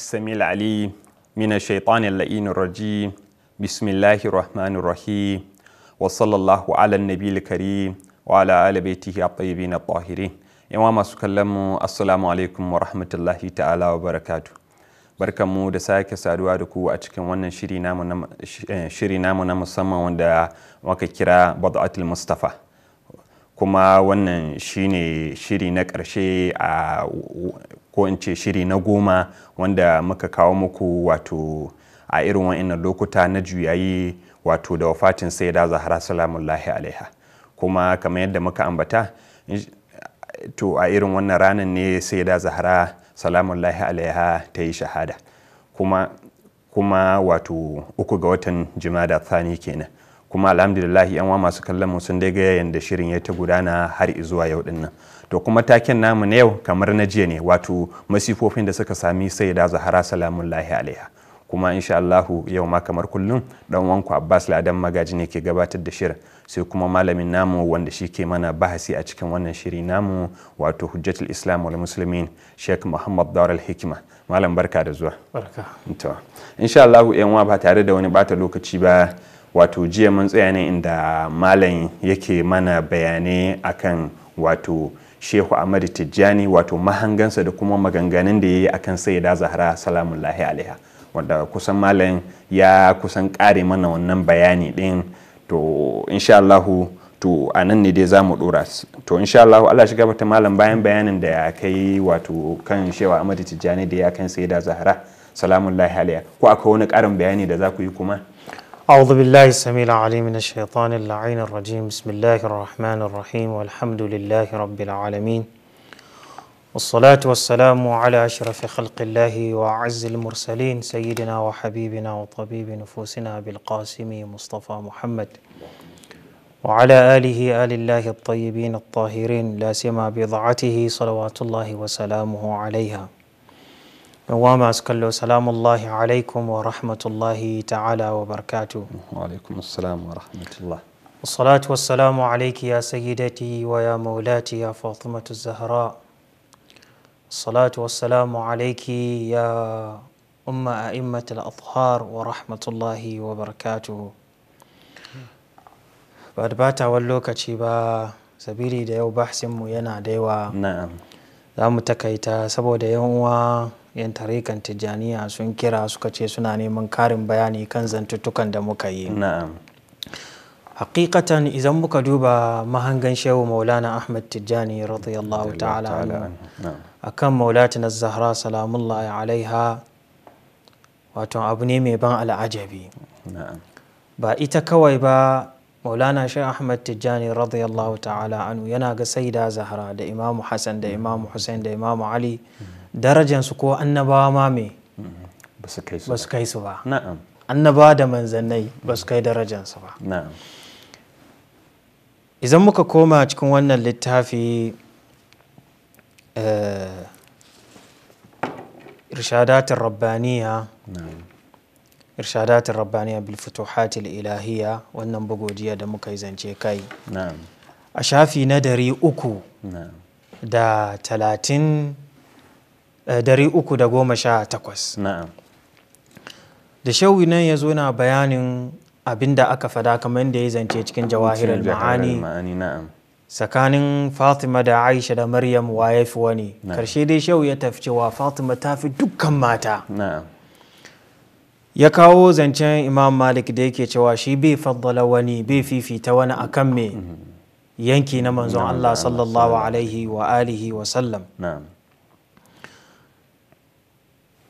السميع العليم من الشيطان اللئين الرجيم بسم الله الرحمن الرحيم وصلى الله على النبي الكريم وعلى آل بيته الطيبين الطاهرين إمام سكلم السلام عليكم ورحمة الله تعالى وبركاته barkanmu da sake saduwa da ku a cikin wannan shiri namu na musamman wanda muka kira bad'atul mustafa kuma wannan shine shiri na ƙarshe a ko in ce shiri na goma wanda muka kawo muku wato a irin wa'annan lokuta na juyayi wato da wafatin sai da zahara lahi alaiha kuma kamar yadda muka ambata to a irin wannan ranar ne sai da zahara salamullahi alaiha ta yi shahada kuma wato uku ga watan jimada thani kenan kuma alhamdulillah yan wa masu kallon mu sun dai ga da shirin ya ta gudana har zuwa yau din nan to kuma taken namu na yau kamar na jiya ne wato masifofin da suka sami sai da zahara salamun lahi alaiha kuma insha Allah yau ma kamar kullum dan wanku Abbas Ladan Magaji ne ke gabatar da shirin sai kuma malamin namu wanda shi ke mana bahasi a cikin wannan shiri namu wato Hujjatul Islam wal Muslimin Sheikh Muhammad Dawar al-Hikma malam barka da zuwa barka to insha Allah yan ba tare da wani bata lokaci ba wato jiya mun tsaya ne inda malam yake mana bayanai akan wato shehu amadu tijjani wato mahangansa da kuma maganganun da ya yi akan sayyida zahra salamun lahi alaiha wanda kusan malam ya kusan kare mana wannan bayani din to insha Allahu to a nan ne dai za mu dora to insha Allahu Allah shiga bata malam bayan bayanin da ya kai wato kan shehu amadu tijjani da ya kan sayyida zahra salamun lahi alaiha ko akwai wani karin bayani da za ku yi kuma أعوذ بالله السميع العليم من الشيطان اللعين الرجيم بسم الله الرحمن الرحيم والحمد لله رب العالمين والصلاة والسلام على أشرف خلق الله وأعز المرسلين سيدنا وحبيبنا وطبيب نفوسنا بالقاسم مصطفى محمد وعلى آله آل الله الطيبين الطاهرين لا سيما بضعته صلوات الله وسلامه عليها نوام أسكالو سلام الله عليكم ورحمة الله تعالى وبركاته وعليكم السلام ورحمة الله والصلاة والسلام عليك يا سيدتي ويا مولاتي يا فاطمة الزهراء الصلاة والسلام عليك يا أم أئمة الأطهار ورحمة الله وبركاته بعد بات أولوك شبا سبيلي ديو بحسم ينا ديو نعم za mu سبو ديو 'yan tarikan tijjaniya sun kira suka ce suna neman karin bayani kan zantuttukan da muka yi hakikatan idan muka duba mahangan shehu maulana ahmad tijjani radiyallahu ta'ala a kan maulatin zahra salamullahi alaiha wato abu ne mai ban al'ajabi ba ita kawai ba maulana shi ahmad tijjani radiyallahu ta'ala anu yana ga saida zahra da imamu hassan da imamu hussein da imamu ali hmm. darajansu ko annabawa ma me mm-hmm. ba su kai su ba annabawa da manzannai ba su kai darajansu ba idan muka koma cikin wannan littafi eh, irshadatin rabbaniya irshadatin rabbaniya bil ilahiya wannan bugujiya da muka yi zance kai a shafi na dari uku da talatin Eh, da shawi nan ya zo na bayanin abin da aka fada kamar da ya zance cikin jawahir ma'ani tsakanin fatima da aisha da maryam wa ya fi wani karshe dai shau ya tafi cewa fatima ta fi dukkan mata ya kawo zancen imam malik da yake cewa shi bai faddala wani bai fifita wani akan me mhm. yanki na manzon allah sallallahu alaihi wa alihi wa sallam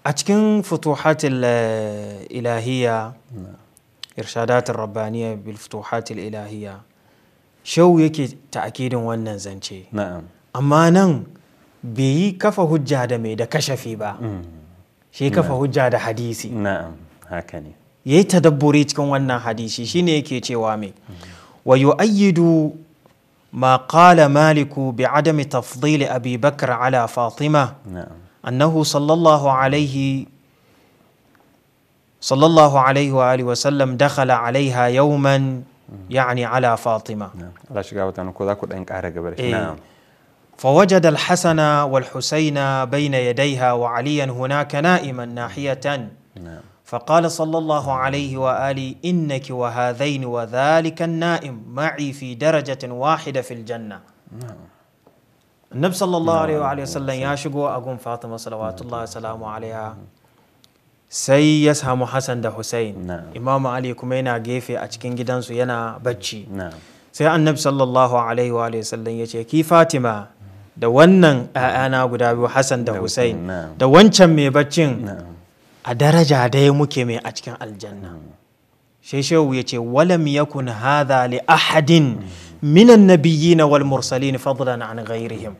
a cikin futuhatul eh, ilahiyya irshadatul rabbaniya bil futuhatul ilahiyya shau yake ta'akidin wannan zance amma nan bai yi kafa hujja da mai da kashafi ba mm. shi kafa hujja da hadisi na'am haka ne yayi tadabburi cikin wannan hadisi shine yake cewa mai mm. wa yu'ayyidu ma qala maliku bi adami tafdili abi bakr ala fatima أنه صلى الله عليه صلى الله عليه وآله وسلم دخل عليها يوما يعني على فاطمة نعم, إيه. نعم. فوجد الحسن والحسين بين يديها وعليا هناك نائما ناحية نعم. فقال صلى الله عليه وآله إنك وهذين وذلك النائم معي في درجة واحدة في الجنة نعم annab sallallahu alaihi wa sallam ya shigo a gun fatima salawatullah salamu alaiha sai ya samu hassan da hussein imamu ali kuma yana gefe a cikin gidansu yana bacci sai annab sallallahu alaihi wa sallam ya ce ki fatima da wannan 'ya'yana guda biyu hassan da hussein da wancan mai baccin a daraja daya muke mai a cikin aljanna shehu ya ce walam yakun hadha li ahadin mm. minan na wal mursalin fadlan an ghairihim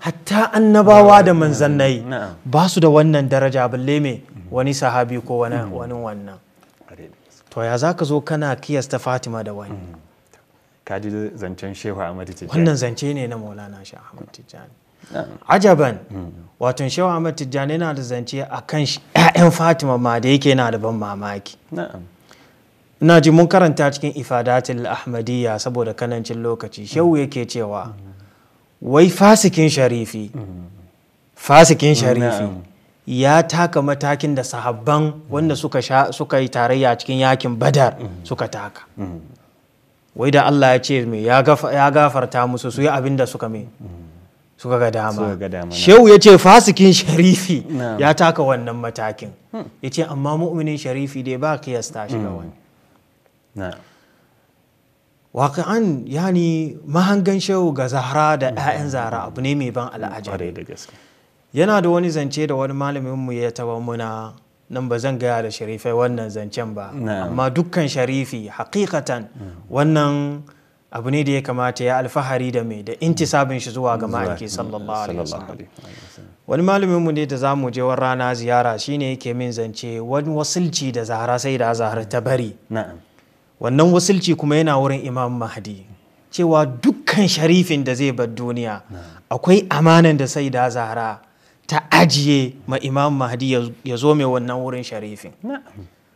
hatta annabawa da manzannai ba su da wannan daraja balle me wani sahabi ko wani wannan to ya za zo kana kiyasta fatima da wani kaji zancen shehu ahmad tijjani wannan zance ne na maulana shehu ahmad tijjani ajaban wato shehu ahmad tijjani yana da zance akan 'ya'yan fatima ma da yake yana da ban mamaki na ji mun karanta cikin ifadatul ahmadiyya saboda kanancin lokaci shehu mm-hmm. yake cewa wai fasikin sharifi fasikin mm-hmm. sharifi ya taka matakin da sahabban mm-hmm. wanda suka yi tarayya cikin yakin badar suka taka wai da Allah ya ce me ya gafarta musu su yi abin da suka me suka ga dama shehu ya ce fasikin sharifi ya taka wannan matakin hmm. ya ce amma mu'minin sharifi dai ba kiyasta shi ga wani na'am ya yani mahangan shehu ga zahra da 'ya'yan zahara abu ne mai ban al'ajabi yana da wani zance da wani malaminmu ya taba muna nan ba zan gaya da sharifai wannan zancen ba amma dukkan sharifi hakikatan wannan abu ne da ya kamata ya alfahari da mai da inti sabin shi zuwa ga ma'aiki sallallahu alaihi wasallam wani malaminmu ne da zamu je wani rana ziyara shine yake min zance wani wasulci da zahra sai da zahra ta bari wannan wasilci kuma yana wurin imam mahdi cewa dukkan sharifin da zai bar duniya akwai amanan da sai da zahara ta ajiye ma imam mahdi ya zo mai wannan wurin sharifin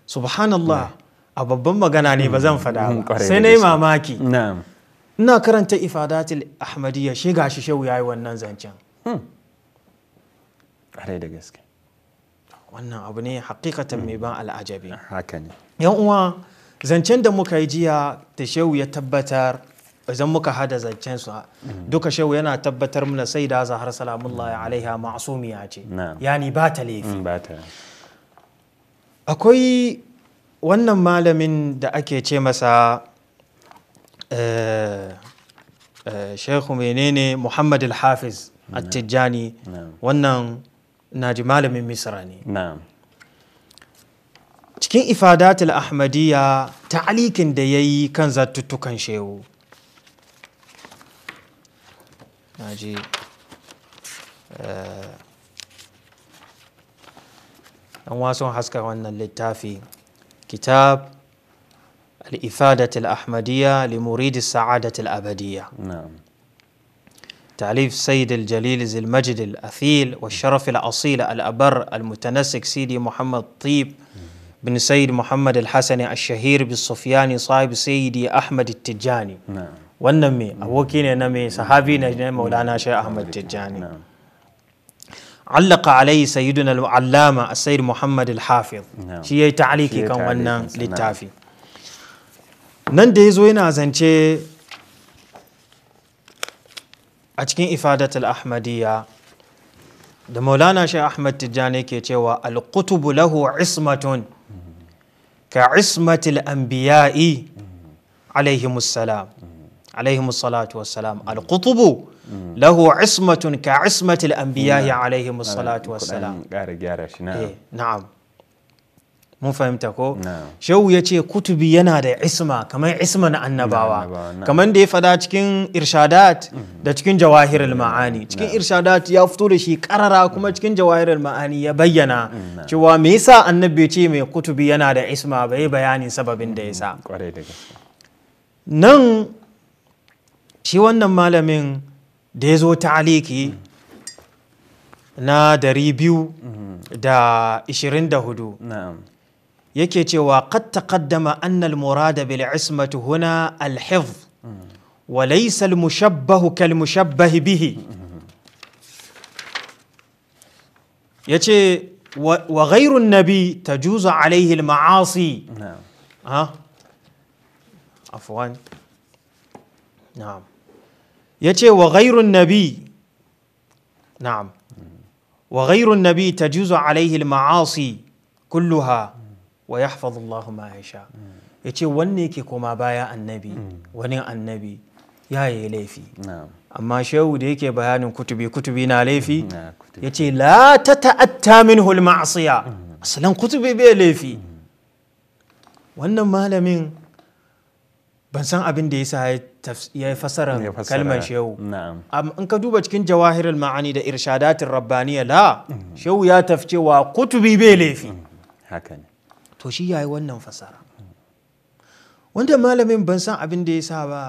subhanallah a babban magana ne ba zan faɗa mm, ba sai na yi mamaki ina karanta ifadatul ahmadiyya shi gashi shehu yayi wannan zancen hmm. ƙarai da gaske wannan abu ne hakikatan mai ban al'ajabi yan uwa zancen da muka yi jiya da shehu ya tabbatar idan muka hada zancen su duka shehu yana tabbatar mana sai da zahar salamullahi alaiha ma'asumiya ce yani ba ta laifi mm, akwai wannan malamin da ake ce masa eh, eh, Shehu menene muhammad al-hafiz at-tijjani wannan naji malamin misra ne cikin ifadatul ahmadiyya ta'alikin da yayi kan zattutukan shehu naji eh an wasan haskar wannan littafi kitab al-ifadatul ahmadiyya الإفادة الأحمدية لمريد السعادة abadiyya na'am تعليف سيد الجليل ذي المجد الأثيل والشرف الأصيل الأبر المتنسك سيدي محمد طيب بن سيد محمد الحسن الشهير بالصفياني صاحب سيدي أحمد التجاني wannan me aboki ne na me sahabi ne na maulana shi ahmad tijjani allaka alai sayyiduna al'allama sayyid muhammad al-hafiz shi yayi ta'aliki kan wannan littafi nan da yazo yana zance a cikin ifadatar al-ahmadiyya da maulana shi ahmad tijjani ke cewa al lahu ismatun كعصمة الأنبياء عليهم السلام عليهم الصلاة والسلام القطب له عصمة كعصمة الأنبياء عليهم الصلاة نعم. والسلام إيه، نعم mun fahimta ko shehu ya ce kutubi yana da isma kamar isma na annabawa kamar da ya fada cikin irshadat da cikin jawahir ma'ani cikin irshadat ya fito da shi karara kuma cikin jawahir ma'ani ya bayyana cewa me yasa annabi ce mai kutubi yana da isma bai bayanin sababin da yasa mm, nan shi wannan malamin da ya zo ta'aliki na dari biyu mm. da da hudu. yake cewa qad taqaddama anna al-murada bil ismati huna al-hifz wa laysa al mushabbah kal mushabbah bihi yace wa ghayru an-nabi tajuzu alayhi al-ma'asi ha afwan na'am yace wa ghayru an-nabi na'am وغير النبي تجوز عليه المعاصي كلها wa yahfazu Allahu ma yasha yace wanne yake koma baya annabi wani annabi ya yi laifi amma shehu da yake bayanin kutubi kutubi na laifi mm, ya ce la ta ta'atta min hulma ma'asiya asalin kutubi bai laifi wannan malamin ban san abin da yasa ya yi fasara kalmar shehu in ka duba cikin jawahirul ma'ani da irshadatin rabbaniya la mm. shehu ya wa kutubi bai laifi mm. to shi yayi wannan fasara wanda malamin ban san abin da ya sa ba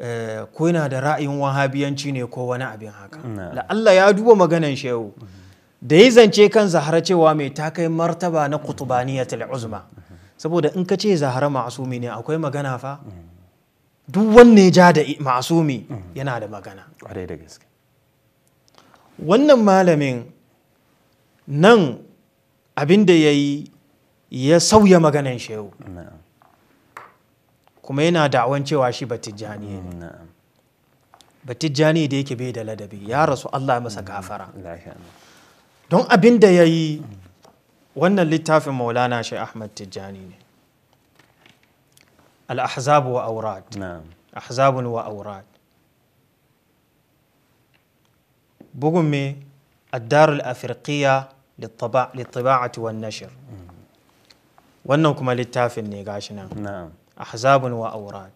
eh, ko yana da ra'ayin wahabiyanci ne ko wani abin haka da Allah ya duba maganan shehu da ya zance kan zahara cewa mai ta kai martaba na kutubaniyatul uzma saboda in ka ce zahara ma'asumi ne akwai magana fa duk wanne ja da ma'asumi yana da magana wannan malamin nan abin da ya yi ya sauya maganan shehu kuma yana da'awan cewa shi batijjani ne batijjani da yake bai da ladabi ya rasu Allah masa gafara don abin da ya yi wannan littafin maulana shi ahmad tijjani ne al Ahzabu wa aurad ahzabun wa aurad bugun me الدار الأفريقية للطباعة والنشر wannan kuma littafin ne gashi nan ahzabun wa aurat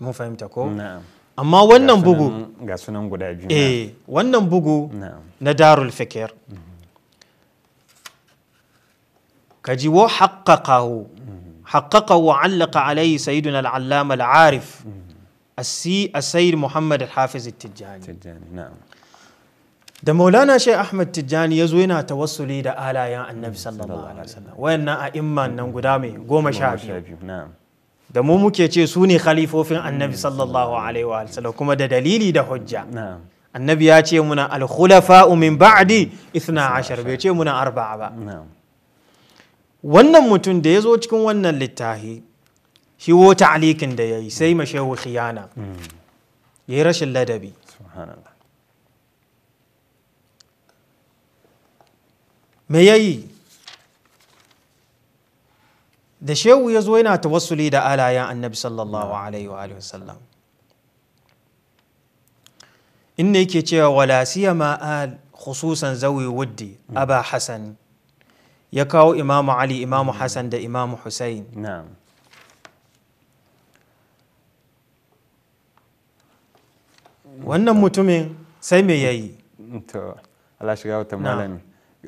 mun fahimta ko amma wannan bugu ga sunan guda biyu eh wannan bugu na darul fikir mhm. kaji wa haqqaqahu mhm. haqqaqa wa allaka alayhi sayyiduna al-allama al-arif السي السيد محمد hafiz التجاني التجاني na'am. da maulana shai ahmad tijjani ya zo yana tawassuli da alayen annabi sallallahu alaihi wasallam wayannan a imman nan guda mai goma sha biyu da mu muke ce su ne khalifofin annabi sallallahu alaihi wasallam kuma da dalili da hujja annabi ya ce muna alkhulafa'u min ba'di 12 bai ce muna arba'a ba wannan mutum da ya zo cikin wannan littafi shi wo ta'alikin da ya yi sai mashehu khiyana mm. ya yi rashin ladabi me ya yi da shehu ya zo yana tawassuli da alayen annabi sallallahu alaihi wa sallam inda yake cewa wala siya ma'al khususan zawi wuddi aba hasan ya kawo imamu ali imamu hasan da imamu husain wannan mutumin sai mai ya yi shiga wata malami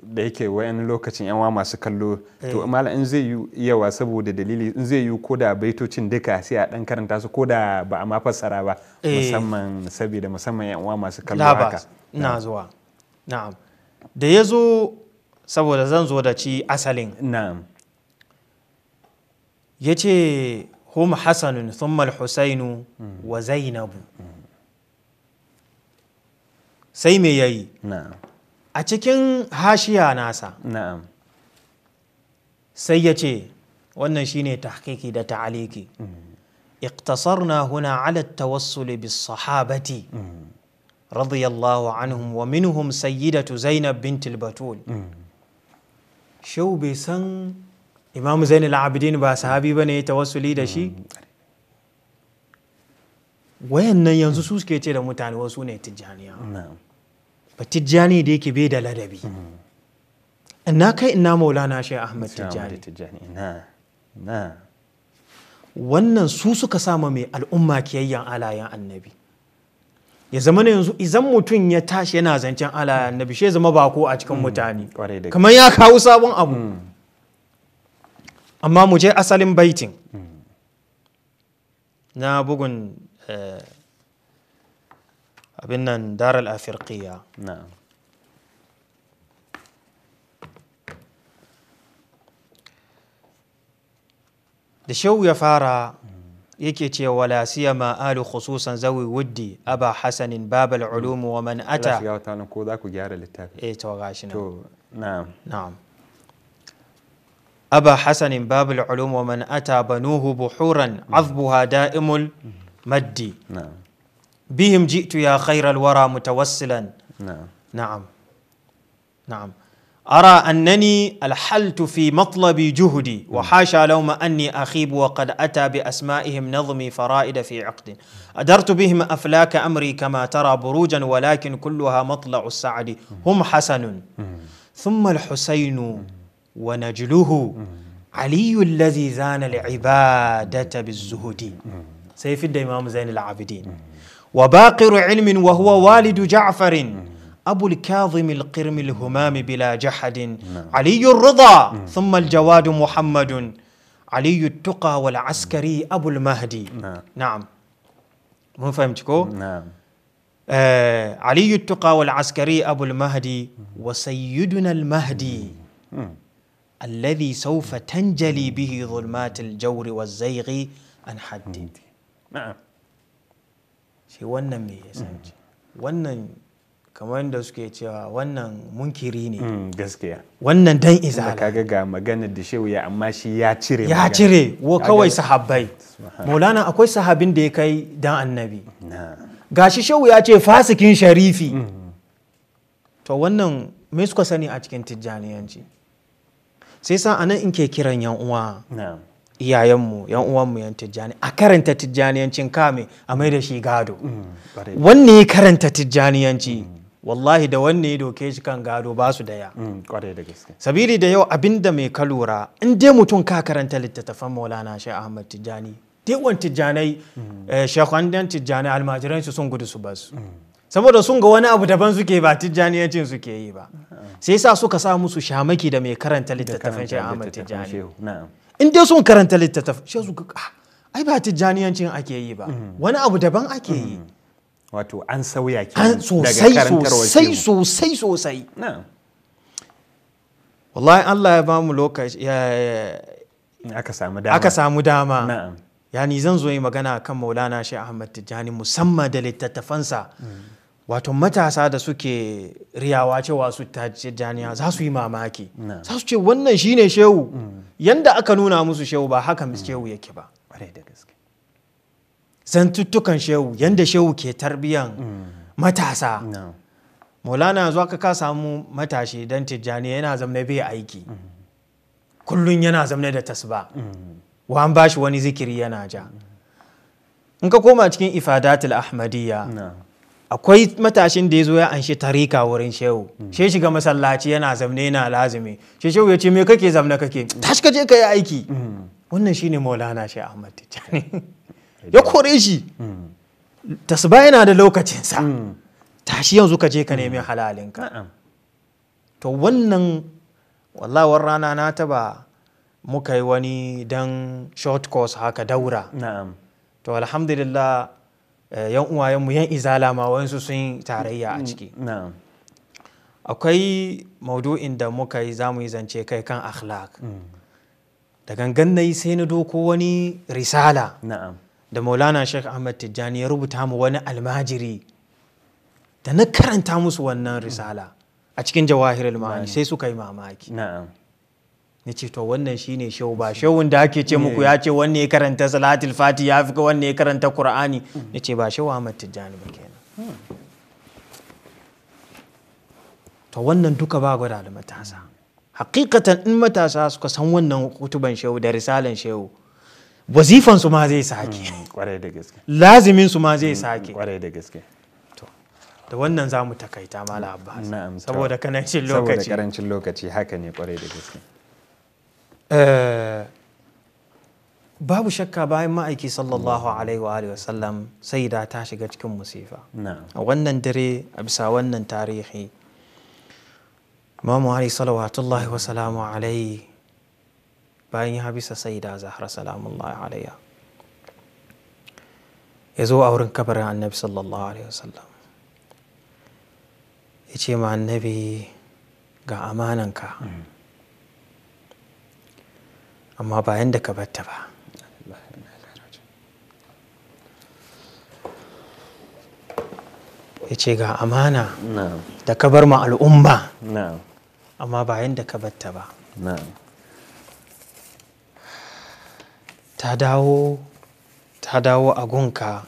da yake wayan lokacin yan masu kallo to eh. mala in zai yi yawa saboda dalili in zai yi ko baitocin duka sai a dan karanta su ko ba a ma fassara ba eh. musamman saboda musamman yan masu kallo haka na zuwa na'am da ya zo saboda zan zo da ci asalin na'am ya ce hum hasanun thumma husainu wa zainabu mm. sai me yayi na'am a cikin hashiya nasa sai ya ce wannan shine tahkiki da iktasar mm. na huna ala wasu bis sahabati mm. radiyallahu anhum wa minhum sayyidatu zainab bin Tilbatul. Mm. shau bai san imam zainul abidin ba sahabi bane tawassuli da shi wayannan yanzu su suke ce da mutane wasu ne tijjaniya ba tijjani da yake bai da ladabi hmm. na kai ina maulana shi ahmad tijjani wannan su suka sama mai al'umma kiyayyan alayen annabi ya zama na yanzu idan mutum ya tashi yana zancen alayen annabi shi zama bako a cikin hmm, mutane kamar ya kawo sabon abu hmm. amma mu je asalin baitin na bugun eh, قبلنا دار الأفريقية نعم دشو يا فارا يكي تي ولا سيما آل خصوصا زوي ودي أبا حسن باب العلوم ومن أتى لا سيارة تانا كو ذاكو جارة للتابع إيه توغاشنا تو نعم نعم أبا حسن باب العلوم ومن أتى بنوه بحورا عظبها دائم المدي نعم بهم جئت يا خير الورى متوسلا نعم نعم نعم أرى أنني الحلت في مطلب جهدي نعم. وحاشا لوم أني أخيب وقد أتى بأسمائهم نظمي فرائد في عقد أدرت بهم أفلاك أمري كما ترى بروجا ولكن كلها مطلع السعد هم حسن نعم. ثم الحسين ونجله نعم. علي الذي زان العبادة بالزهد سيف الإمام زين العابدين وباقر علم وهو والد جعفر أبو الكاظم القرم الهمام بلا جحد نعم. علي الرضا ثم الجواد محمد علي التقى والعسكري أبو المهدي نعم. نعم مو فهمتكو؟ نعم آه علي التقى والعسكري أبو المهدي وسيدنا المهدي الذي سوف تنجلي به ظلمات الجور والزيغ عن حد نعم shi wannan mai ya sanci wannan kamar da suke cewa wannan munkiri ne mm, gaskiya wannan dan izala kaga ga maganar da shehu ya amma shi ya cire ya cire wa kawai sahabbai maulana akwai sahabin da ya kai dan annabi gashi shehu ya ce fasikin sharifi mm. to wannan me suka sani a cikin tijjaniyanci sai sa anan in ke kiran yan uwa iyayenmu yan uwanmu yan tijjani a karanta tijjaniyancin kame a mai da shi gado mm, wanne ya karanta tijjaniyanci mm. wallahi da wanne ya doke shi kan gado ba su daya mm, sabili da yau abinda mai ka lura in dai mutum ka karanta littattafan maulana shi ahmad tijjani dewan tijjanai eh, shekwandan tijjanai almajiran su sun gudu su basu saboda sun ga wani abu daban suke ba tijjaniyancin suke yi ba ah. sai sa suka sa musu shamaki da mai karanta littattafan shi ahmad tijjani in dai sun karanta littattaf shi su ga ah, ai ba tijjaniyancin ake yi ba mm-hmm. wani abu daban ake yi mm-hmm. wato an sauya ke daga sosai sosai sosai sosai wallahi Allah ya ba mu lokaci aka samu dama aka samu dama yani zan zo yi magana kan maulana shi ahmad tijjani musamman da littattafansa mm. wato matasa da suke riyawa cewa su ta tajjaniya za su yi mamaki za su ce wannan shine shehu mm. yanda aka nuna musu shehu ba hakan mm. shehu yake ba tuttukan shehu yanda shehu ke tarbiyan mm. matasa maulana yanzu aka ka samu matashi dan tijjani yana zamne bai aiki kullum yana zamne da tasba wa an bashi wani zikiri yana ja in ka koma cikin ifadatul ahmadiyya akwai matashin da ya zo ya anshi tarika wurin shehu hmm. she shiga masallaci yana zamne yana lazimi she shehu ya ce me kake zamne kake tashi ka je ka yi aiki hmm. wannan shine maulana shi ahmad tijani ya kore shi hmm. tasba yana da lokacinsa tashi yanzu ka je ka nemi halalinka to wannan wallawar rana na taba muka yi wani dan short course haka daura to alhamdulillah Eh, yan uwayenmu yan izala ma wayansu sun yi tarayya a mm, ciki akwai maudu'in da muka yi za mu yi zance kai kan akhlaq mm. da gangan na yi sai na doko wani risala da maulana sheikh ahmad tijjani ya rubuta mu wani almajiri da na karanta musu wannan risala a cikin jawahir ma'ani sai suka yi mamaki na ce to wannan shine shau ba shawun da ake ce muku ya ce wanne ya karanta salatul fati ya fi ga wanne ya karanta qur'ani na ce ba shehu Ahmad Tijjani ba kenan to wannan duka ba gwada da matasa hakikatan in matasa suka san wannan kutuban shehu da risalan shehu wazifan su ma zai hmm, hmm, sake kwarai da gaske lazimin su ma zai sake kwarai da gaske da wannan za mu takaita mala abbas saboda karancin lokaci saboda karancin lokaci haka ne kwarai da gaske Eh, babu shakka bayan ma'aiki sallallahu alaihi wa sallam sai da ta shiga cikin musifa a wannan dare a bisa wannan tarihi mamu ali salawatullahi wa salamu alaihi bayan ya bisa sai da zahra salamullahi alaiya ya zo a wurin kabarin annabi sallallahu alaihi wa sallam ya ce ma annabi ga amananka mm. amma ba yanda ka batta ba ya ce ga amana da ka bar ma al'umma amma ba yanda ka batta ba ta dawo ta dawo a gunka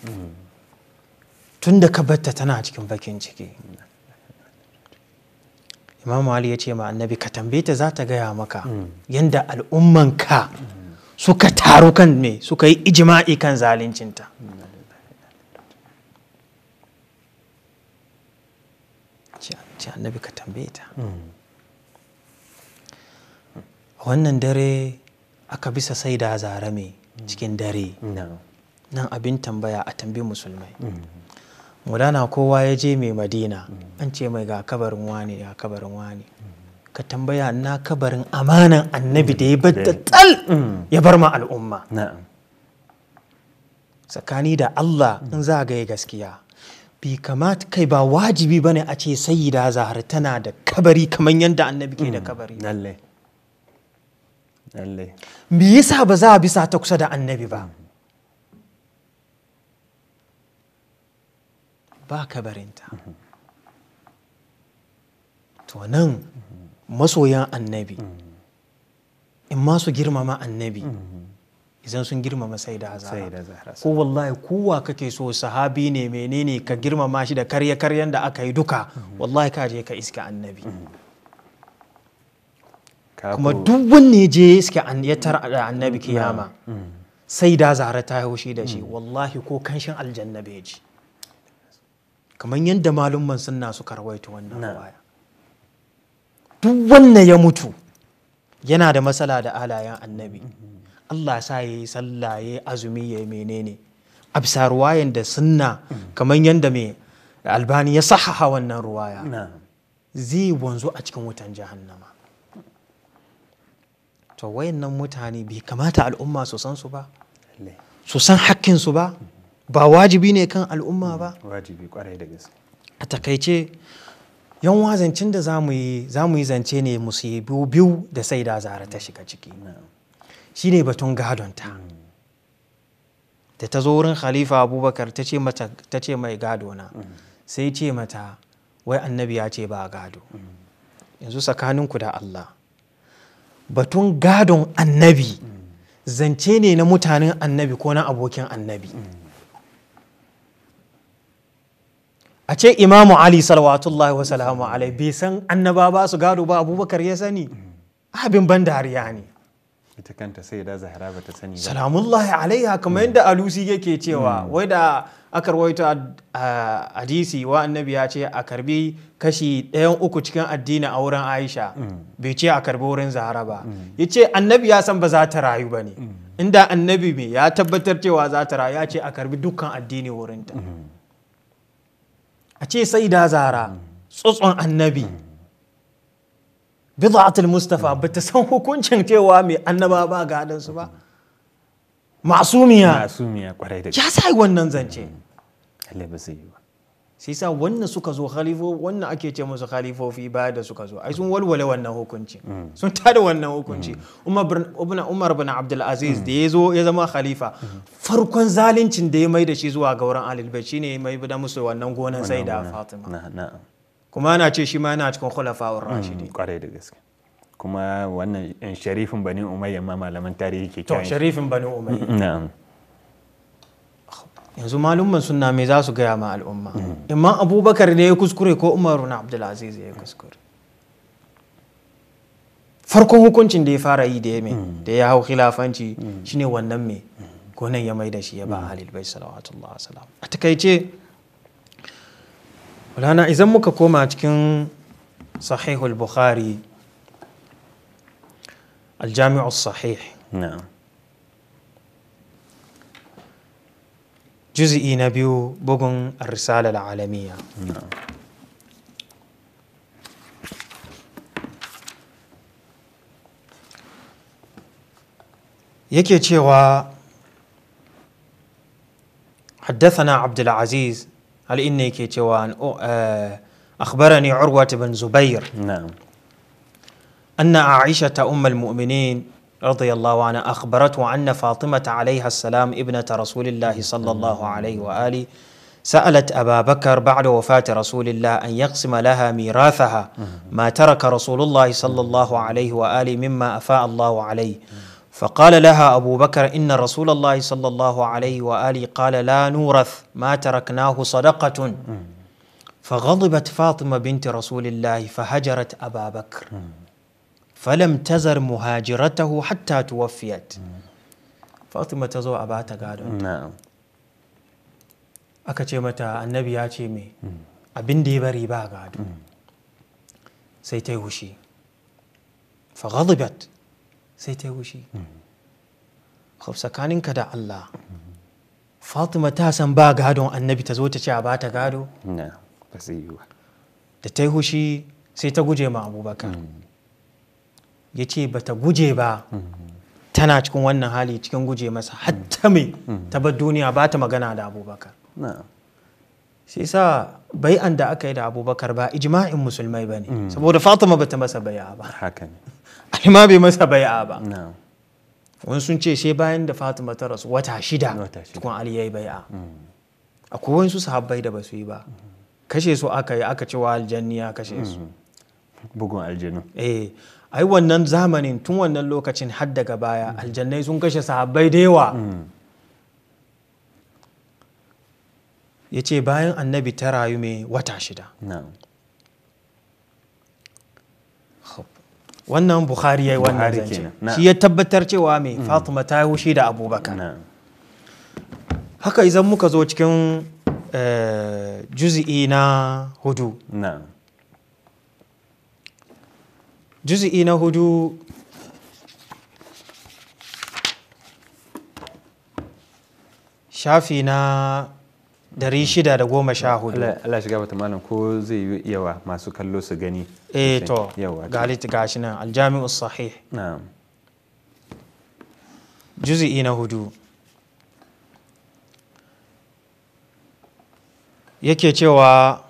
tun da ka batta tana cikin bakin ciki imamu ali ya ce ma annabi ka tambaye ta za ta gaya maka hmm. yadda al'ummanka suka taru kan me suka yi ijima'i kan zaluncinta ce annabi ka tambaye ta hmm. wannan dare aka bisa sai da zarame hmm. cikin dare nan abin tambaya a tambi musulmai mudana kowa ya je mai madina mm. an ce mai ga kabarin wani ga kabarin wani ka tambaya na kabarin amanan annabi mm. da ya bada tal mm. ya bar ma al'umma tsakani da Allah in za ga gaskiya bi kamata kai ba wajibi bane a ce sayyida zahar tana da kabari kamar yadda annabi ke da kabari me yasa ba za a bisa ta kusa da annabi ba ba ka barinta to nan masoyan annabi in ma girmama annabi idan sun girmama sai da ko wallahi kowa kake so sahabi ne menene ka girmama shi da karye-karyen da aka yi duka wallahi ka je ka iska annabi kuma duk wanne je iska ya tar da annabi kiyama mm. sai da zahara ta haushi da shi wallahi ko kanshin aljanna bai ji kamar yadda malumman sunna suka rawaita wannan baya duk wannan ya mutu yana da matsala da alayen annabi mm-hmm. Allah sa ya yi sallah ya yi azumi ya yi menene a bisa ruwayan da sunna mm. kamar yadda mai albani ya sahaha wannan ruwaya zai wanzu a cikin wutan jahannama to wayannan mutane bai kamata al'umma su san su ba su san hakkin su ba mm. ba wajibi ne kan al'umma ba mm, a takaice yan wazancin da za mu yi zance ne yi biyu da sai da zara ta shiga ciki mm, shine batun gadonta mm. da ta zo wurin khalifa abubakar ta ce mai gado na, sai ce mata wai annabi ya ce ba gado yanzu tsakaninku da allah batun gadon annabi zance ne na mutanen annabi ko na abokin annabi a ce imamu ali salawatullahi wa salamu alai bai san annaba ba su gado ba abubakar ya sani abin ban dariya ne ita kanta sai da zahara ba ta sani ba salamullahi alaiha kamar yadda alusi yake cewa mm. wai da aka rawaito hadisi wa annabi ya ce a karbi kashi ɗayan uku cikin addini a wurin aisha mm. bai ce a karbi wurin zahara ba mm. ya ce annabi ya san ba za ta rayu ba ne inda annabi mai ya tabbatar cewa za ta rayu ya ce a karbi dukkan addini wurinta a ce sai da zara tsotson annabi bid'atul mustafa ba ta san hukuncin cewa mai annaba ba ga ba masumiya ya sai wannan zance ba sai sa wannan suka zo khalifo wannan ake ce musu khalifofi baya da suka zo ai sun walwale wannan hukunci mm. sun tada wannan hukunci mm. umar bin abdul aziz mm. da ya zo ya zama khalifa farkon zalincin da ya mai da shi zuwa ga wurin ahlul bait shine ya mai da musu wannan gonan sai da fatima kuma ana ce shi ma yana cikin khulafa'ur rashidi kwarai da gaske kuma wannan eh, sharifin bani umayya ma malaman tarihi ke to sharifin bani umayya na'am yanzu malumman sunna me za su gaya ma al'umma imam abubakar ne ya kuskure ko umaru na abdulaziz ya kuskure farkon hukuncin da ya fara yi da ya mai da ya hau khilafanci shine wannan me gonan ya mai da shi ya ba halil bai salawatullah wasalam a takaice walana idan muka koma cikin sahihul bukhari aljami'ul sahih جزئي نبيو بوغن الرسالة العالمية نعم. يكي تشيغوا حدثنا عبد العزيز هل إني كي تشيوا آه، أخبرني عروة بن زبير نعم أن عائشة أم المؤمنين رضي الله عنها أخبرته أن فاطمة عليها السلام ابنة رسول الله صلى الله عليه وآله سألت أبا بكر بعد وفاة رسول الله أن يقسم لها ميراثها ما ترك رسول الله صلى الله عليه وآله مما أفاء الله عليه فقال لها أبو بكر إن رسول الله صلى الله عليه وآله قال لا نورث ما تركناه صدقة فغضبت فاطمة بنت رسول الله فهجرت أبا بكر falam tazar muhajiratahu hatta tuwaffiyat fatima ta zo a ba ta gadon aka ce mata annabi ya ce me abin da ya bari ba gado mm. sai ta yi hushi fa sai ta yi hushi mm. tsakaninka da Allah fatima ta san ba gadon annabi ta zo ta ce a ba ta gado da ta yi hushi sai ta guje ma abubakar mm. ya ce ba ta guje ba tana cikin wannan hali cikin guje masa hatta mai ta bar duniya ba ta magana da abubakar sai sa bai an da aka yi da abubakar ba ijma'in musulmai ba ne mm. saboda fatima ba ta masa bai'a ba alima bai masa bai'a ba wani sun ce sai bayan da fatima ta rasu wata shida cikin ali ya yi bai'a mm. akwai wani su sahabbai da ba su yi ba mm. kashe su aka yi aka cewa aljanni ya kashe su bugun aljanu eh ai wannan zamanin tun wannan lokacin har daga baya aljannai sun kashe sahabbai da yawa ya ce bayan annabi ta rayu mai wata shida wannan bukhari ya yi wannan zance shi ya tabbatar cewa mai mm. fatima ta yi da abubakar haka idan muka zo cikin eh, juzi'i na hudu juzi'i na hudu shafi na dari shida da goma sha hudu Allah shiga bata malam ko zai yi yawa masu kallo su gani eh to galit gashi nan aljami'u sahih na'am juzi'i na hudu yake cewa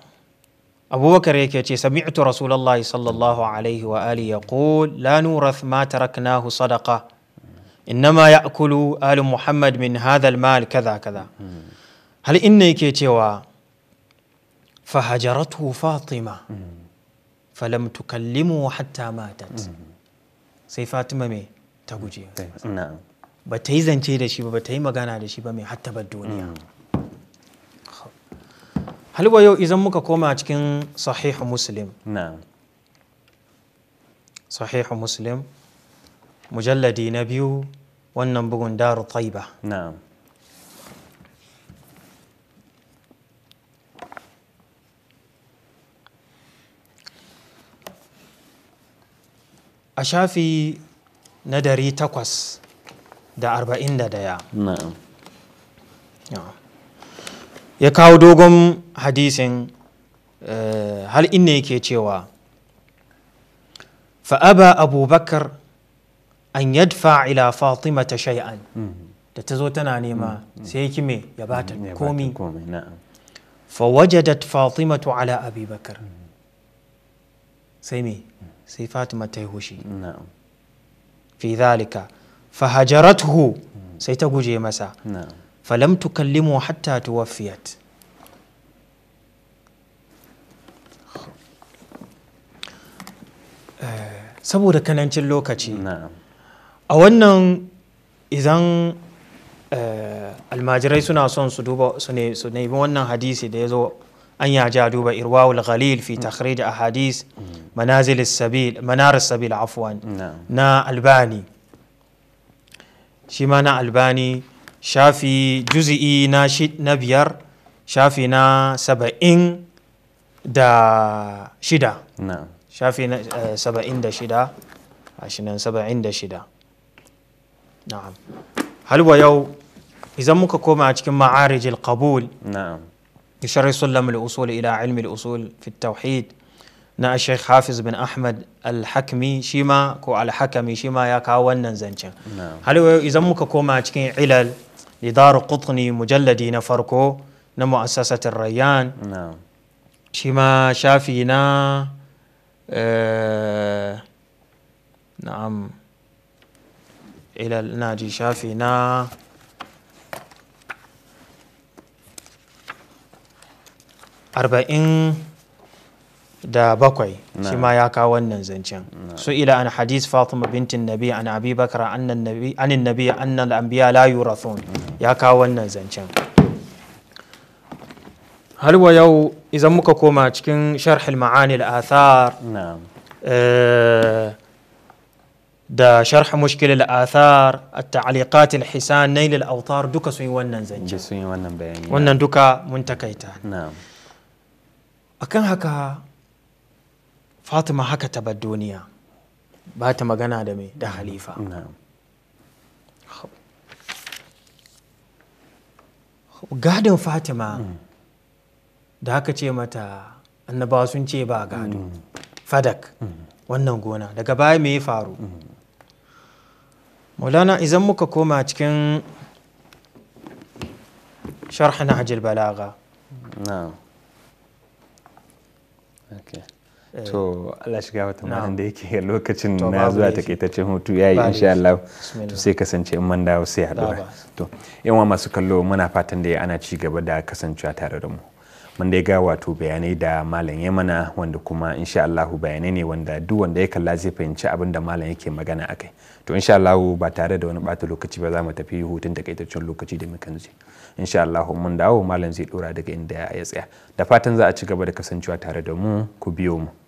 abubakar yake ce sami'tu rasulullahi sallallahu alaihi wa alihi yaqul la nurath ma taraknahu sadaqa innama ya'kulu Ali muhammad min hadha mal kaza kaza hal inna yake cewa Hajaratu fatima falam tukallimu hatta matat sai fatima me ta guje ba ta yi zance da shi ba ba ta yi magana da shi ba mai hatta bar duniya halwa yau idan muka koma cikin sahihu muslim sahihu muslim mujalladi na biyu wannan bugun daru taiba a shafi na dari takwas da arba'in da ɗaya. ya kawo dogon hadisin eh, hal inna yake cewa fa'aba abubakar an yadfa ila fatima ta shay'an mm-hmm. da ta zo tana nema mm-hmm. sai ya kime ya bata mm-hmm. komi fawajadat fatimatu ala abubakar sai me sai fatima ta yi hushi fi zalika fahajaratuhu sai ta guje masa falam tukallimu hatta tuwaffiyat eh, saboda kanancin lokaci a wannan idan eh, almajirai suna son su duba su nemi wannan hadisi da ya zo an ya ja duba irwawul ghalil fi mm. takhrij ahadis manazil sabil manar sabil afwan na albani shi ma na albani شافي جزئي ناشد نبيار شافي نا سبعين دا شدا نعم شافي نا آه، سبعين دا شدا عشنا سبعين دا شدا نعم هل ويو إذا موكا كوما أتكم معارج القبول نعم يشرح وسلم الأصول إلى علم الأصول في التوحيد na Sheikh Hafiz bin Ahmad al-Hakmi shi ma ko al-Hakami shi ma ya kawo wannan zancen. Halewa idan muka koma cikin ilal lidar qutni mujalladi na farko na mu'assasatin Rayyan. Shi ma shafi na na'am ilal na ji shafi na arba'in da bakwai shi ma ya kawo wannan zancen su ila an hadis fatima bintin nabi an abi bakara annan nabi anin nabi annal anbiya la yurathun ya kawo wannan zancen halwa yau idan muka koma cikin sharh al-ma'ani al-athar da sharh mushkil al-athar at-ta'liqat al-hisan nail al-awtar duka sun wannan zancen sun wannan bayani wannan duka mun takaita na'am akan haka fatima haka ta bar duniya ba ta magana da mai da halifa gadon fatima mm. da aka ce mata annabawa sun ce ba gado mm. fadak mm. wannan gona daga baya mai ya faru maulana izan muka koma cikin sharhin hajjil balaga Eh, to Allah shiga wata malam da yake lokacin na zuwa ce hutu ya yi insha Allah to sai kasance in man dawo sai haɗuwa to yawan masu kallo muna fatan da ana ci gaba da kasancewa tare da mu mun dai ga wato bayanai da malam ya mana wanda kuma insha Allah bayanai ne wanda duk wanda ya kalla zai fahimci abin da malam yake magana akai to insha Allah ba tare da wani bata lokaci ba za mu tafi hutun takaitaccen lokaci da mukan je insha Allah mun dawo malam zai dora daga inda ya tsaya da fatan za a ci gaba da kasancewa tare da mu ku biyo mu